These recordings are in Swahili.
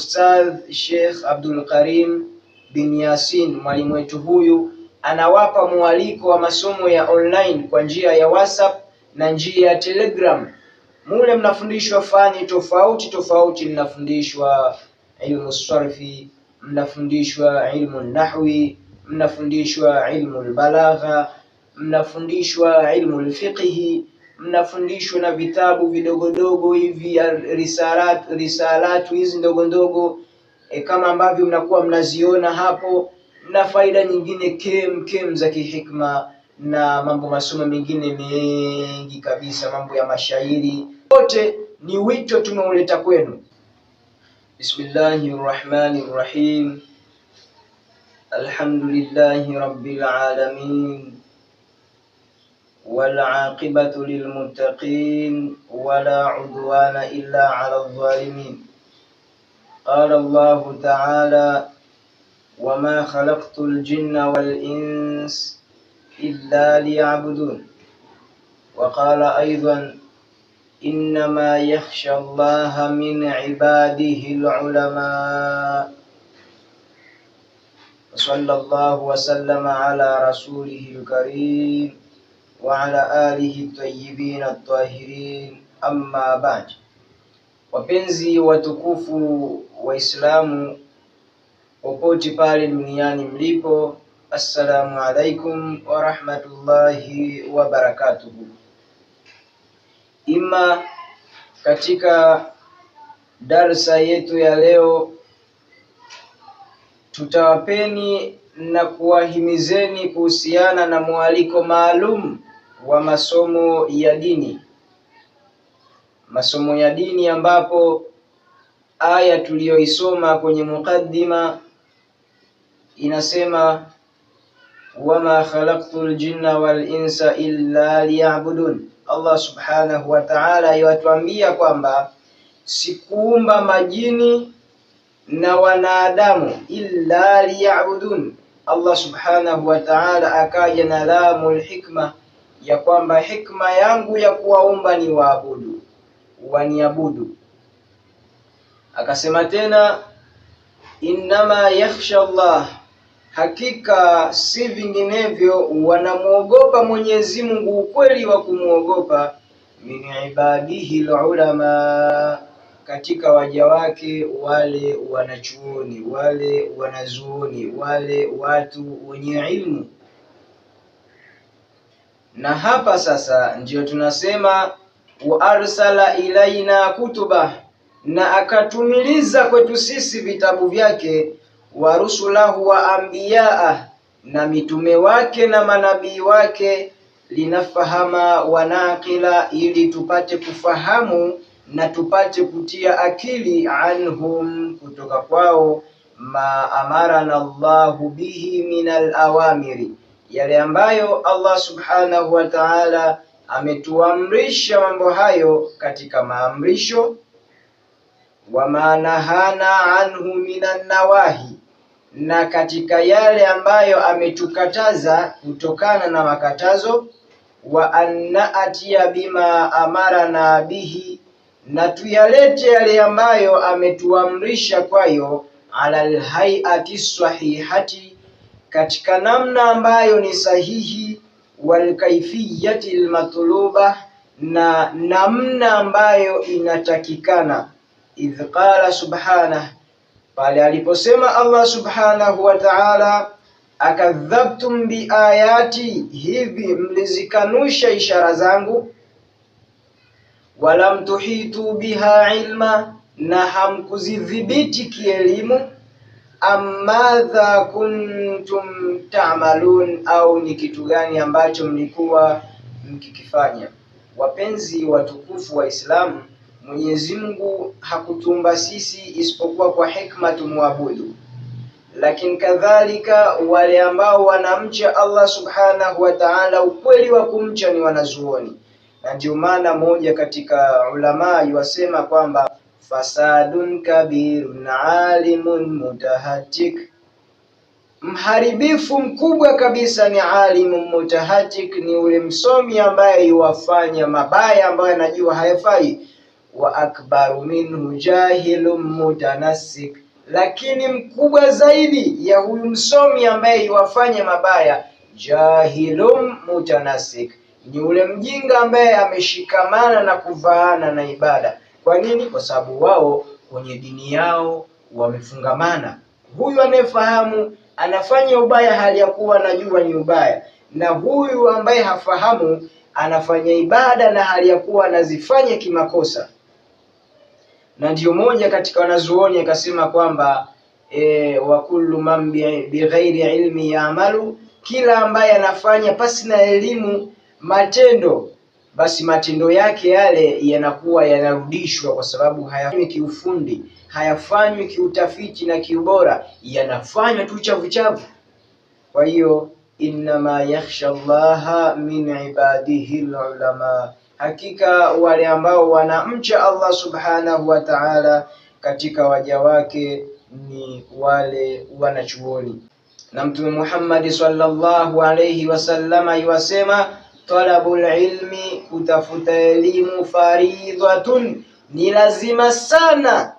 Ustadh Sheikh Abdul Karim bin Yasin, mwalimu wetu huyu anawapa mwaliko wa masomo ya online kwa njia ya WhatsApp na njia ya Telegram. Mule mnafundishwa fani tofauti tofauti, mnafundishwa ilmu sarfi, mnafundishwa ilmu nahwi, mnafundishwa ilmu albalagha, mnafundishwa ilmu alfiqhi mnafundishwa na vitabu vidogodogo hivi risalat, risalatu hizi ndogo ndogo e, kama ambavyo mnakuwa mnaziona hapo, na faida nyingine kem kem za kihikma na mambo masomo mengine mengi kabisa, mambo ya mashairi, yote ni wito tumeuleta kwenu. Bismillahi rahmani rahim, alhamdulillahi rabbil alamin والعاقبة للمتقين ولا عدوان إلا على الظالمين قال الله تعالى وما خلقت الجن والإنس إلا ليعبدون وقال أيضا إنما يخشى الله من عباده العلماء صلى الله وسلم على رسوله الكريم وعلى آله الطيبين الطاهرين amma ba'd. Wapenzi watukufu Waislamu popote pale duniani mlipo, assalamu alaikum warahmatullahi wabarakatuhu. Ima katika darsa yetu ya leo tutawapeni na kuwahimizeni kuhusiana na mwaliko maalum wa masomo ya dini, masomo ya dini ambapo aya tuliyoisoma kwenye mukaddima inasema wama khalaqtu jinna wal insa illa liyabudun. Allah subhanahu wa ta'ala yatuambia kwamba sikuumba majini na wanadamu illa liyabudun. Allah subhanahu wa ta'ala akaja na lamul hikmah ya kwamba hikma yangu ya kuwaumba ni waabudu, waniabudu. Akasema tena innama yakhsha Allah, hakika si vinginevyo wanamwogopa Mwenyezi Mungu ukweli wa kumwogopa, min ibadihi alulama, katika waja wake wale wanachuoni, wale wanazuoni, wale watu wenye ilmu na hapa sasa ndiyo tunasema wa arsala ilaina kutuba, na akatumiliza kwetu sisi vitabu vyake, wa rusulahu wa ambiyaa, na mitume wake na manabii wake, linafahama wanakila, ili tupate kufahamu na tupate kutia akili anhum, kutoka kwao, ma amarana Allahu bihi min alawamiri yale ambayo Allah subhanahu wa ta'ala ametuamrisha mambo hayo katika maamrisho, wamanahana anhu minan nawahi, na katika yale ambayo ametukataza kutokana na makatazo, wa anna bima amarana bihi, na tuyalete yale ambayo ametuamrisha kwayo, ala alhaiati sahihati katika namna ambayo ni sahihi, walkaifiyati lmatluba, na namna ambayo inatakikana. Idh qala subhanah, pale aliposema Allah subhanahu wa ta'ala, akadhabtum biayati, hivi mlizikanusha ishara zangu, walam tuhitu biha ilma, na hamkuzidhibiti kielimu amadha kuntum tamalun, au ni kitu gani ambacho mlikuwa mkikifanya. Wapenzi watukufu Waislamu, Mwenyezi Mungu hakutumba sisi isipokuwa kwa hikma tumwabudu, lakini kadhalika wale ambao wanamcha Allah subhanahu wa ta'ala, ukweli wa kumcha ni wanazuoni, na ndio maana moja katika ulama yuwasema kwamba fasadun kabirun alimun mutahatik, mharibifu mkubwa kabisa ni alimu mutahatik, ni ule msomi ambaye yuwafanya mabaya ambayo anajua hayafai. Wa akbaru minhu jahilun mutanassik, lakini mkubwa zaidi ya huyu msomi ambaye yuwafanya mabaya jahilun mutanasik, ni ule mjinga ambaye ameshikamana na kuvaana na ibada. Kwa nini? Kwa sababu wao kwenye dini yao wamefungamana. Huyu anayefahamu anafanya ubaya hali ya kuwa anajua ni ubaya, na huyu ambaye hafahamu anafanya ibada na hali ya kuwa anazifanya kimakosa. Na ndiyo moja katika wanazuoni akasema kwamba e, wa kullu man bighairi ilmi yaamalu, kila ambaye anafanya pasi na elimu matendo basi matendo yake yale yanakuwa yanarudishwa, kwa sababu hayafanywi kiufundi, hayafanywi kiutafiti na kiubora, yanafanywa tu chavu chavu. Kwa hiyo innama yakhsha llaha min ibadihi lulama, hakika wale ambao wanamcha Allah subhanahu wa ta'ala katika waja wake ni wale wanachuoni. Na Mtume Muhammad sallallahu alayhi wasallama iwasema talabul ilmi, kutafuta elimu, faridhatun, ni lazima sana,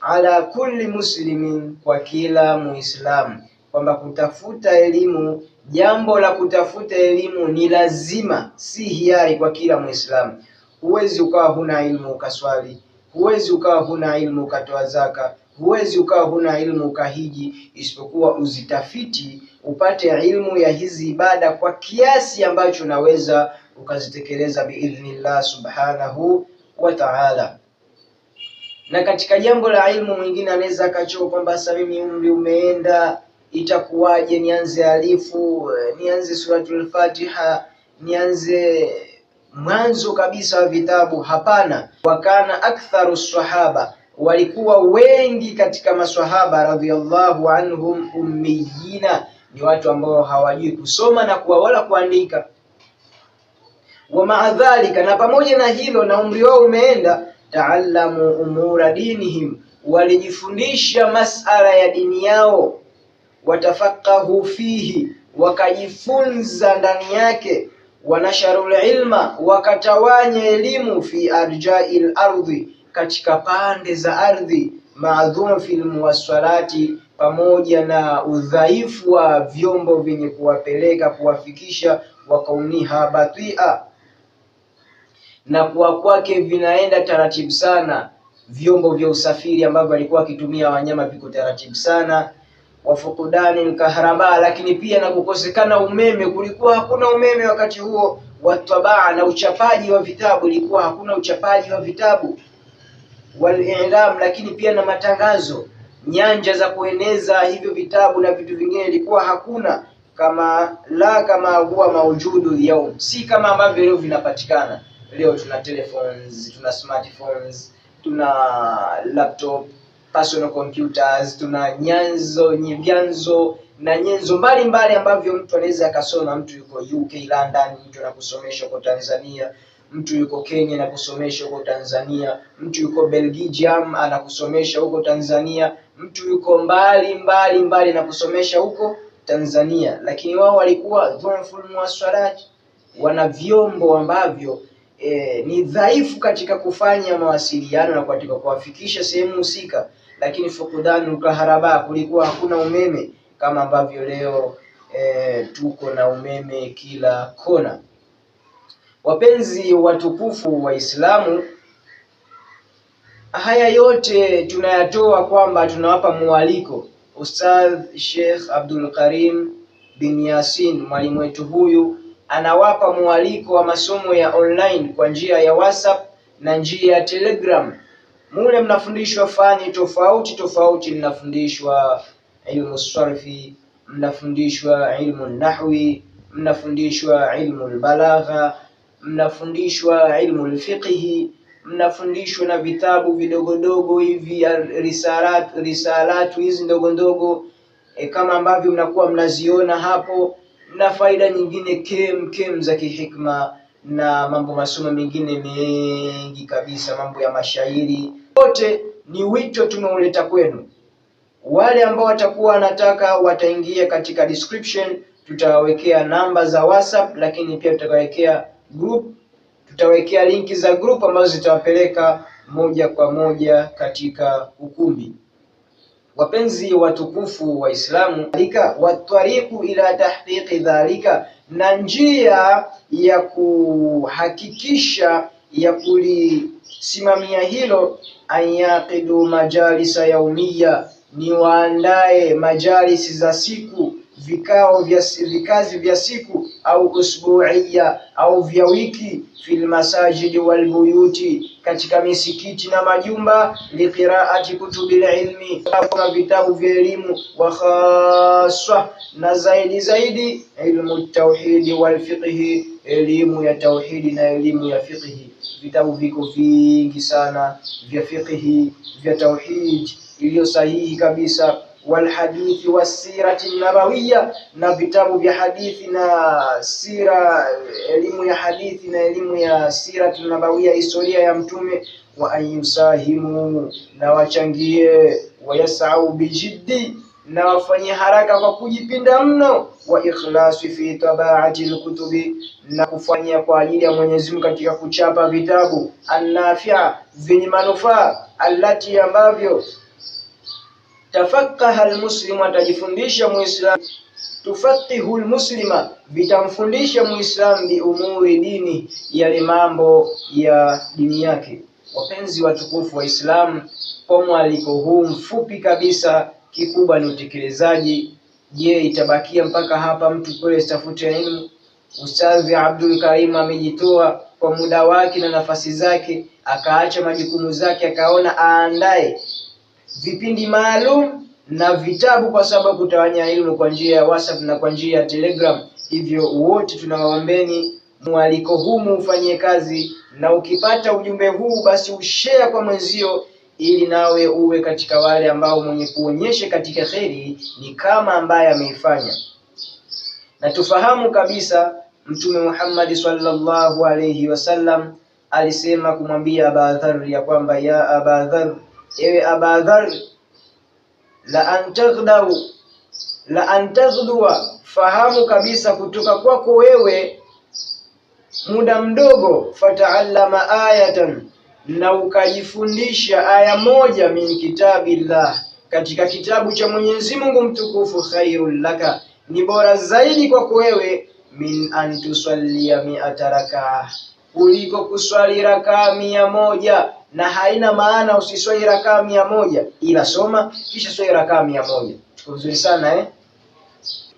ala kulli muslimin, kwa kila Muislamu, kwamba kutafuta elimu, jambo la kutafuta elimu ni lazima, si hiari kwa kila Muislamu. Huwezi ukawa huna ilmu ukaswali, huwezi ukawa huna ilmu ukatoa zaka huwezi ukawa huna ilmu ukahiji, isipokuwa uzitafiti upate ilmu ya hizi ibada kwa kiasi ambacho unaweza ukazitekeleza biidhnillah subhanahu wa ta'ala. Na katika jambo la ilmu, mwingine anaweza akachoo kwamba sasa mimi umri umeenda, itakuwaje? Nianze alifu, nianze suratul Fatiha, nianze mwanzo kabisa wa vitabu? Hapana, wakana aktharu sahaba walikuwa wengi katika maswahaba radhiallahu anhum ummiyina, ni watu ambao hawajui kusoma na kuwa wala kuandika. Wa maadhalika, na pamoja na hilo na umri wao umeenda, taallamu umura dinihim, walijifundisha masala ya dini yao, watafaqahu fihi, wakajifunza ndani yake, wanasharul ilma, wakatawanya elimu fi arjai lardhi katika pande za ardhi, maadhum fil pamoja na udhaifu wa vyombo vyenye kuwapeleka kuwafikisha, wakauniha batia, na kuwa kwake vinaenda taratibu sana. Vyombo vya usafiri ambavyo walikuwa wakitumia wanyama viko taratibu sana wafukudani mkaharama, lakini pia na kukosekana umeme. Kulikuwa hakuna umeme wakati huo, watabaa na uchapaji wa vitabu, ilikuwa hakuna uchapaji wa vitabu walilam, lakini pia na matangazo. Nyanja za kueneza hivyo vitabu na vitu vingine ilikuwa hakuna kama la kama huwa maujudu yao, si kama ambavyo leo vinapatikana. Leo tuna telephones, tuna smartphones, tuna laptop, personal computers, tuna nyanzo vyanzo na nyenzo mbalimbali ambavyo mtu anaweza akasoma. Mtu yuko UK London, mtu anakusomesha kwa Tanzania mtu yuko Kenya anakusomesha huko Tanzania, mtu yuko Belgium anakusomesha huko Tanzania, mtu yuko mbali mbali mbali anakusomesha huko Tanzania. Lakini wao walikuwa dhunful muassalat, wana vyombo ambavyo e, ni dhaifu katika kufanya mawasiliano na katika kuwafikisha sehemu husika. Lakini fukudhanu kaharaba, kulikuwa hakuna umeme kama ambavyo leo e, tuko na umeme kila kona. Wapenzi watukufu Waislamu, haya yote tunayatoa kwamba tunawapa mwaliko Ustadh Sheikh Abdul Karim bin Yasin, mwalimu wetu huyu anawapa mwaliko wa masomo ya online kwa njia ya WhatsApp na njia ya Telegram. Mule mnafundishwa fani tofauti tofauti, mnafundishwa ilmu sarfi, mnafundishwa ilmu nahwi, mnafundishwa ilmu albalagha mnafundishwa ilmu lfiqhi, mnafundishwa na vitabu vidogodogo hivi risalat, risalatu hizi ndogondogo e, kama ambavyo mnakuwa mnaziona hapo, na faida nyingine kem kem za kihikma na mambo masomo mengine mengi kabisa, mambo ya mashairi. Yote ni wito tumeuleta kwenu. Wale ambao watakuwa wanataka wataingia katika description, tutawawekea namba za WhatsApp, lakini pia tutawawekea group, tutawekea linki za group ambazo zitawapeleka moja kwa moja katika ukumbi. Wapenzi watukufu Waislamu, alika watwariku ila tahqiqi dhalika, na njia ya kuhakikisha ya kulisimamia hilo, anyaqidu majalisa yaumia, ni waandae majalisi za siku vikao vya vikazi vya siku au usbuia au vya wiki, fil masajid wal buyuti, katika misikiti na majumba, liqiraati kutubil ilmi, kama vitabu vya elimu, wa khaswa na zaidi zaidi, ilmu tauhidi wal fiqhi, elimu ya tauhidi na elimu ya fiqhi. Vitabu viko vingi sana vya fiqhi vya tauhidi iliyo sahihi kabisa walhadithi wa sirati nabawiya, na vitabu vya hadithi na sira, elimu ya hadithi na elimu ya sirati nabawiya, historia ya Mtume. Wa ayusahimu, na wachangie. Wayasau bijiddi, na wafanye haraka kwa kujipinda mno. Wa ikhlasi fi tabaati lkutubi, na kufanya kwa ajili ya Mwenyezi Mungu katika kuchapa vitabu annafia, vyenye manufaa allati ambavyo tafakkaha almuslimu, atajifundisha Muislamu. Tufaqihu lmuslima, vitamfundisha Muislamu biumuri dini, yale mambo ya dini yake. Wapenzi watukufu Waislamu, kwa mwaliko huu mfupi kabisa, kikubwa ni utekelezaji. Je, itabakia mpaka hapa mtu kule stafute ya elimu? Ustadhi Abdul Karim amejitoa kwa muda wake na nafasi zake, akaacha majukumu zake, akaona aandae vipindi maalum na vitabu, kwa sababu kutawanya elimu kwa njia ya WhatsApp na kwa njia ya Telegram. Hivyo wote tunawaombeni mwaliko huu muufanyie kazi, na ukipata ujumbe huu basi ushare kwa mwenzio, ili nawe uwe katika wale ambao mwenye kuonyeshe katika kheri ni kama ambaye ameifanya. Na tufahamu kabisa Mtume Muhammad sallallahu alayhi wasallam alisema kumwambia Abadhar ya kwamba ya Abadhar ewe abadhar la antaghdau la antaghdua fahamu kabisa kutoka kwako wewe muda mdogo fataallama ayatan na ukajifundisha aya moja min kitabillah katika kitabu cha Mwenyezi Mungu mtukufu khairul laka ni bora zaidi kwako wewe min antusallia miata rakaa kuliko kuswali rakaa mia moja na haina maana usiswali rakaa mia moja ila soma kisha swali rakaa mia moja vizuri sana eh?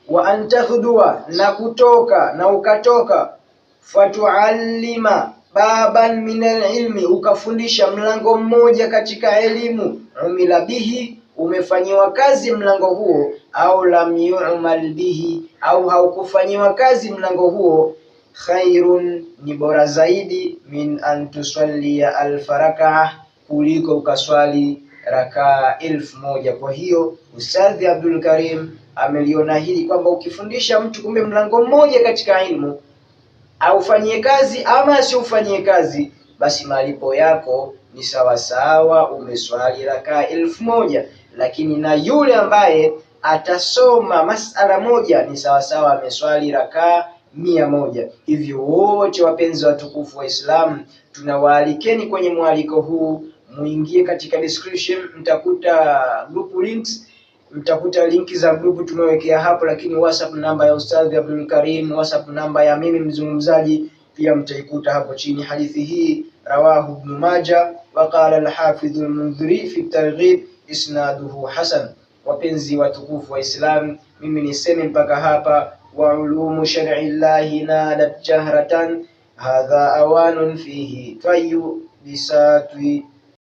wa antahdua na kutoka na ukatoka fatuallima baban min alilmi ukafundisha mlango mmoja katika elimu umila bihi umefanyiwa kazi mlango huo au lam yumal bihi au haukufanyiwa kazi mlango huo khairun, ni bora zaidi min an tusallia alfa rakaa, kuliko ukaswali rakaa elfu moja. Kwa hiyo Ustadhi Abdul Karim ameliona hili kwamba ukifundisha mtu kumbe mlango mmoja katika ilmu aufanyie kazi ama asiufanyie kazi, basi malipo yako ni sawasawa umeswali rakaa elfu moja. Lakini na yule ambaye atasoma masala moja ni sawasawa ameswali rakaa mia moja. Hivyo wote wapenzi watukufu islam tunawaalikeni kwenye mwaliko huu, muingie katika description, mtakuta group links mtakuta linki za grupu tumewekea hapo, lakini WhatsApp namba ya Ustadhi Abdul Karim, WhatsApp namba ya mimi mzungumzaji pia mtaikuta hapo chini. Hadithi hii rawahu Ibn Maja wa qala al-Hafidh al-Mundhiri fi targhib isnaduhu hasan. Wapenzi watukufu wa Islam, mimi niseme mpaka hapa. وعلوم شرع الله نالت جهرة هذا أوان فيه فيبسات